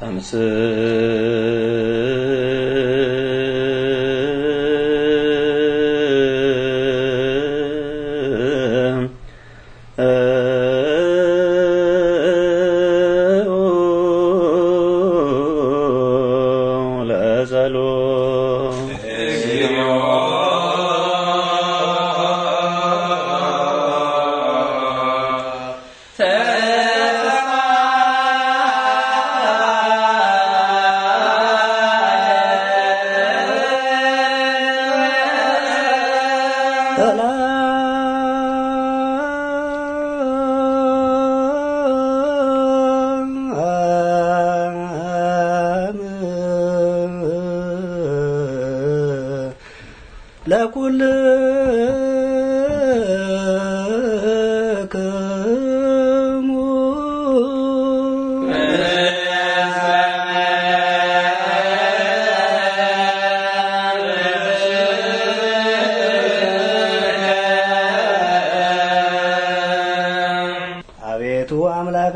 他是。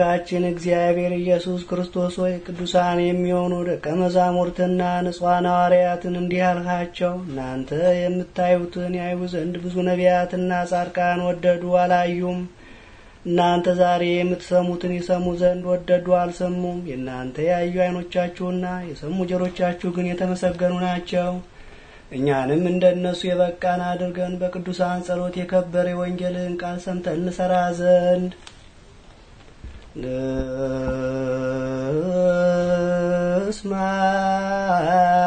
አምላካችን እግዚአብሔር ኢየሱስ ክርስቶስ ሆይ ቅዱሳን የሚሆኑ ደቀ መዛሙርትና ንጹሐን ሐዋርያትን እንዲህ አልካቸው፣ እናንተ የምታዩትን ያዩ ዘንድ ብዙ ነቢያትና ጻድቃን ወደዱ፣ አላዩም። እናንተ ዛሬ የምትሰሙትን ይሰሙ ዘንድ ወደዱ፣ አልሰሙም። የእናንተ ያዩ ዓይኖቻችሁና የሰሙ ጆሮቻችሁ ግን የተመሰገኑ ናቸው። እኛንም እንደ እነሱ የበቃን አድርገን በቅዱሳን ጸሎት የከበረ ወንጌልን ቃል ሰምተን እንሰራ ዘንድ Desmai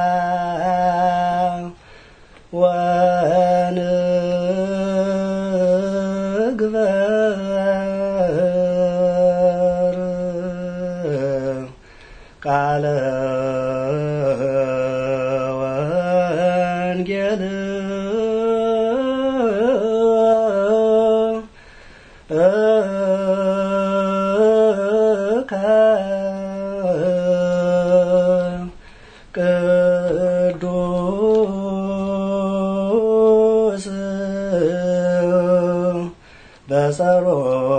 さろう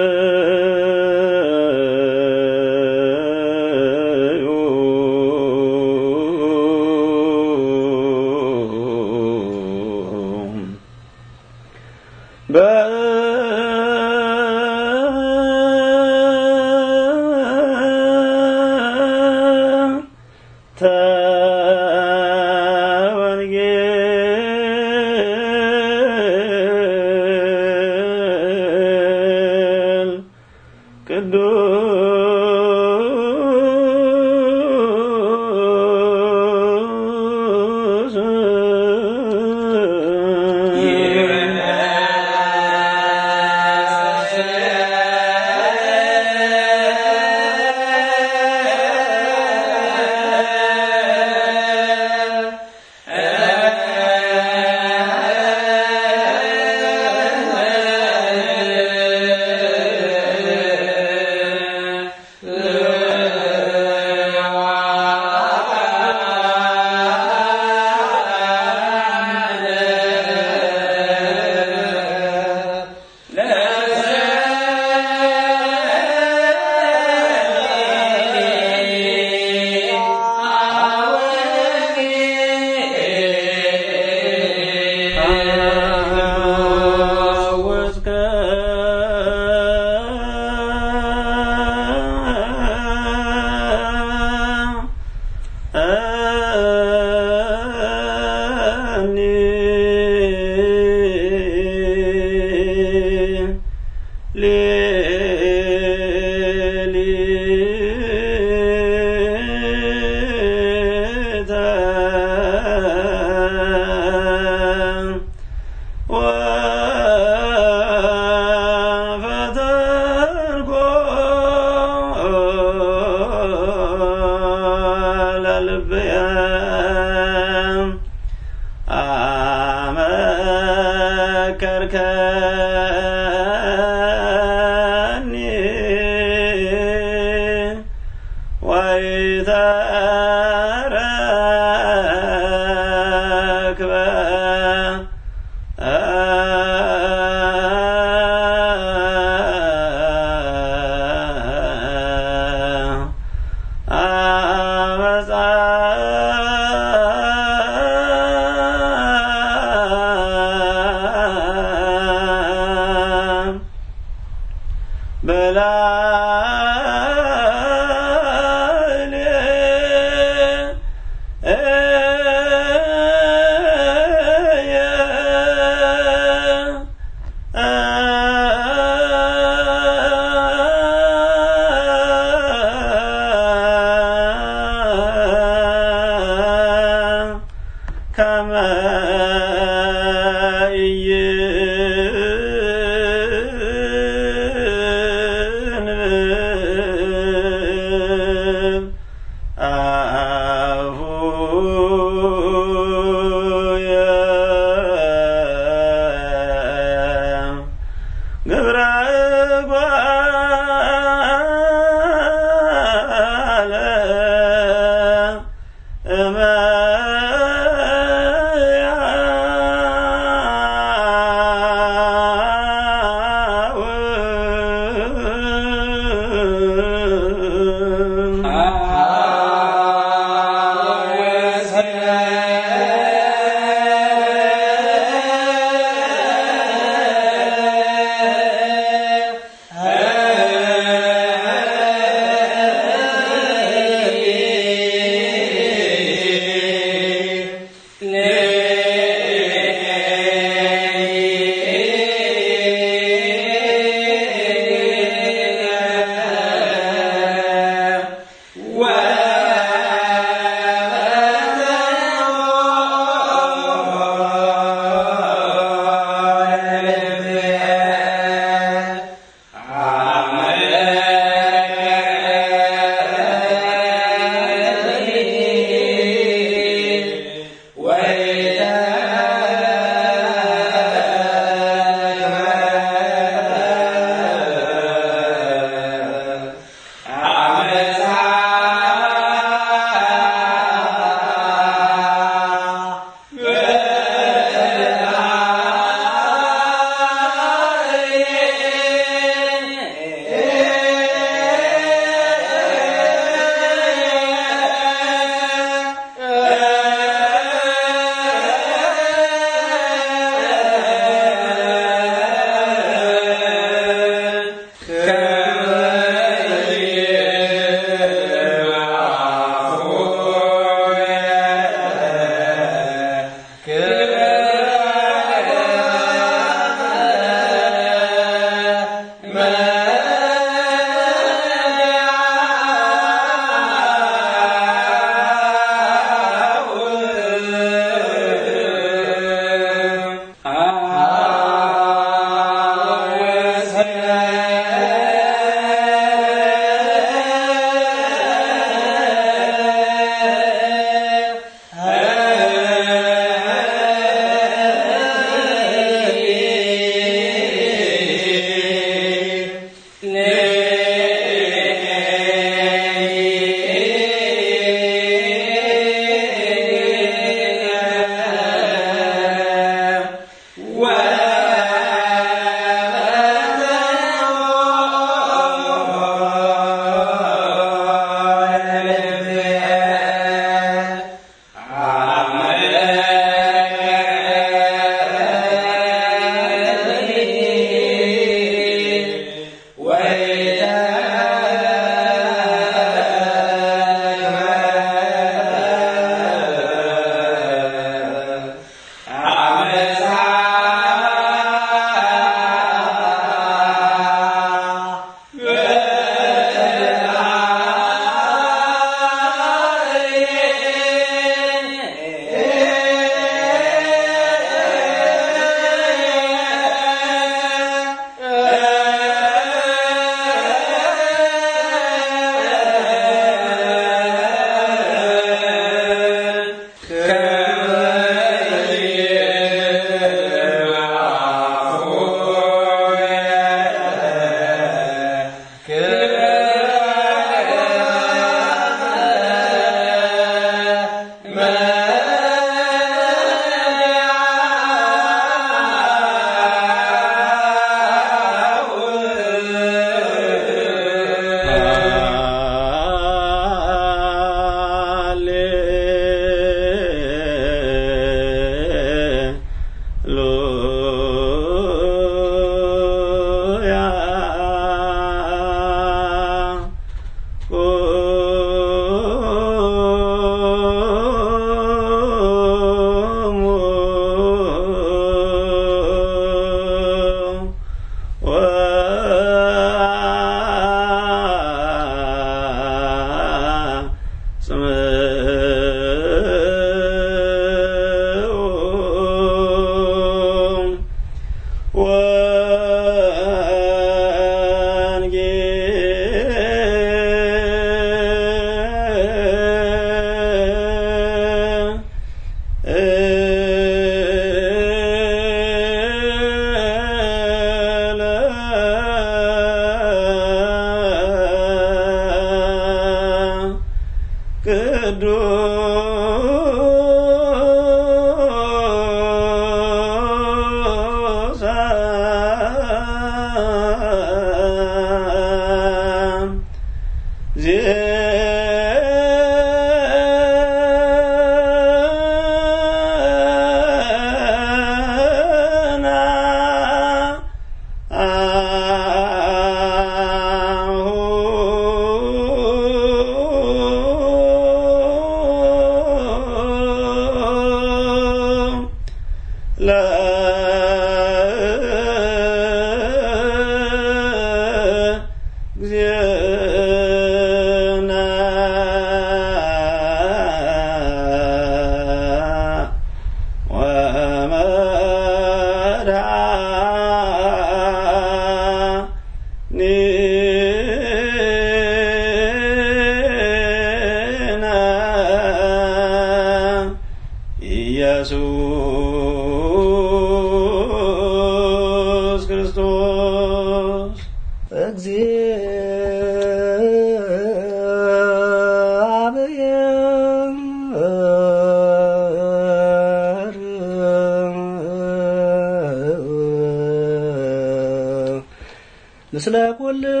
过了。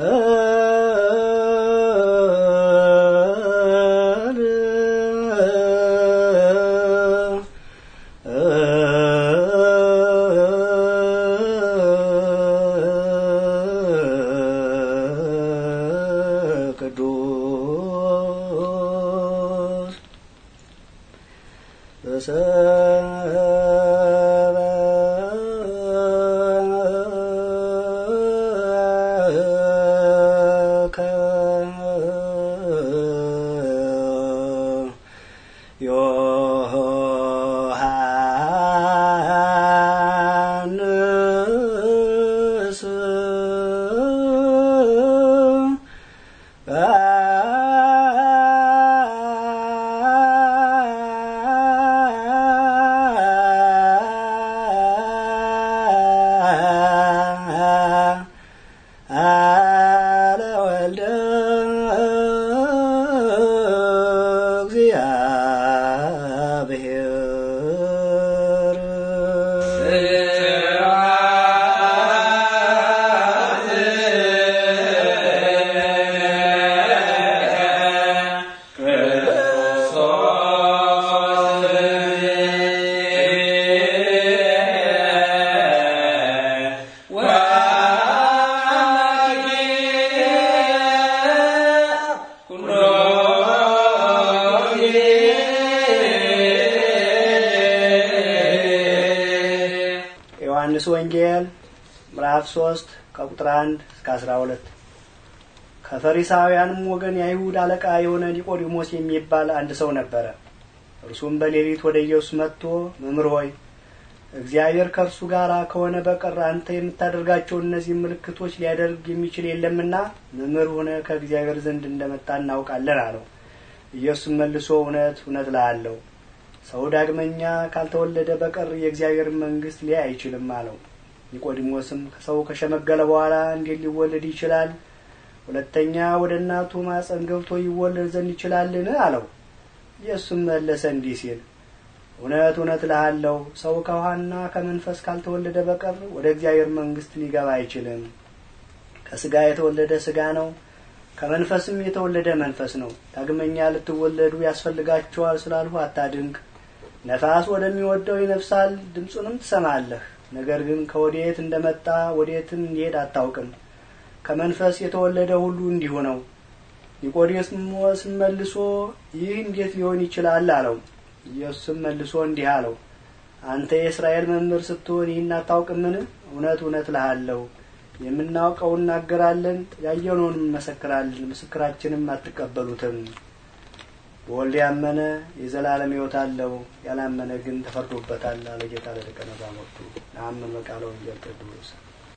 Uh, ዮሐንስ ወንጌል ምዕራፍ 3 ከቁጥር 1 እስከ 12 ከፈሪሳውያንም ወገን የአይሁድ አለቃ የሆነ ኒቆዲሞስ የሚባል አንድ ሰው ነበረ። እርሱም በሌሊት ወደ ኢየሱስ መጥቶ መምህር ሆይ እግዚአብሔር ከእርሱ ጋር ከሆነ በቀር አንተ የምታደርጋቸው እነዚህ ምልክቶች ሊያደርግ የሚችል የለምና መምህር ሆነ ከእግዚአብሔር ዘንድ እንደመጣ እናውቃለን አለው። ኢየሱስም መልሶ እውነት እውነት እልሃለሁ ሰው ዳግመኛ ካልተወለደ በቀር የእግዚአብሔር መንግስት ሊያይ አይችልም አለው። ኒቆዲሞስም ከሰው ከሸመገለ በኋላ እንዴት ሊወለድ ይችላል? ሁለተኛ ወደ እናቱ ማፀን ገብቶ ይወለድ ዘንድ ይችላልን? አለው። ኢየሱስም መለሰ እንዲህ ሲል እውነት እውነት እልሃለሁ ሰው ከውሃና ከመንፈስ ካልተወለደ በቀር ወደ እግዚአብሔር መንግስት ሊገባ አይችልም። ከስጋ የተወለደ ስጋ ነው፣ ከመንፈስም የተወለደ መንፈስ ነው። ዳግመኛ ልትወለዱ ያስፈልጋችኋል ስላልሁ አታድንቅ። ነፋስ ወደሚወደው ይነፍሳል፣ ድምፁንም ትሰማለህ። ነገር ግን ከወዴት እንደመጣ ወዴትም እንዲሄድ አታውቅም። ከመንፈስ የተወለደ ሁሉ እንዲሁ ነው። ኒቆዲሞስም መልሶ ይህ እንዴት ሊሆን ይችላል አለው። ኢየሱስም መልሶ እንዲህ አለው፣ አንተ የእስራኤል መምህር ስትሆን ይህን አታውቅምን? እውነት እውነት እልሃለሁ የምናውቀው እናገራለን፣ ያየነውን እንመሰክራለን፣ ምስክራችንም አትቀበሉትም። በወልድ ያመነ የዘላለም ሕይወት አለው፣ ያላመነ ግን ተፈርዶበታል አለ ጌታ ለደቀ መዛሙርቱ። ነአምን በቃለ ወንጌል ቅዱስ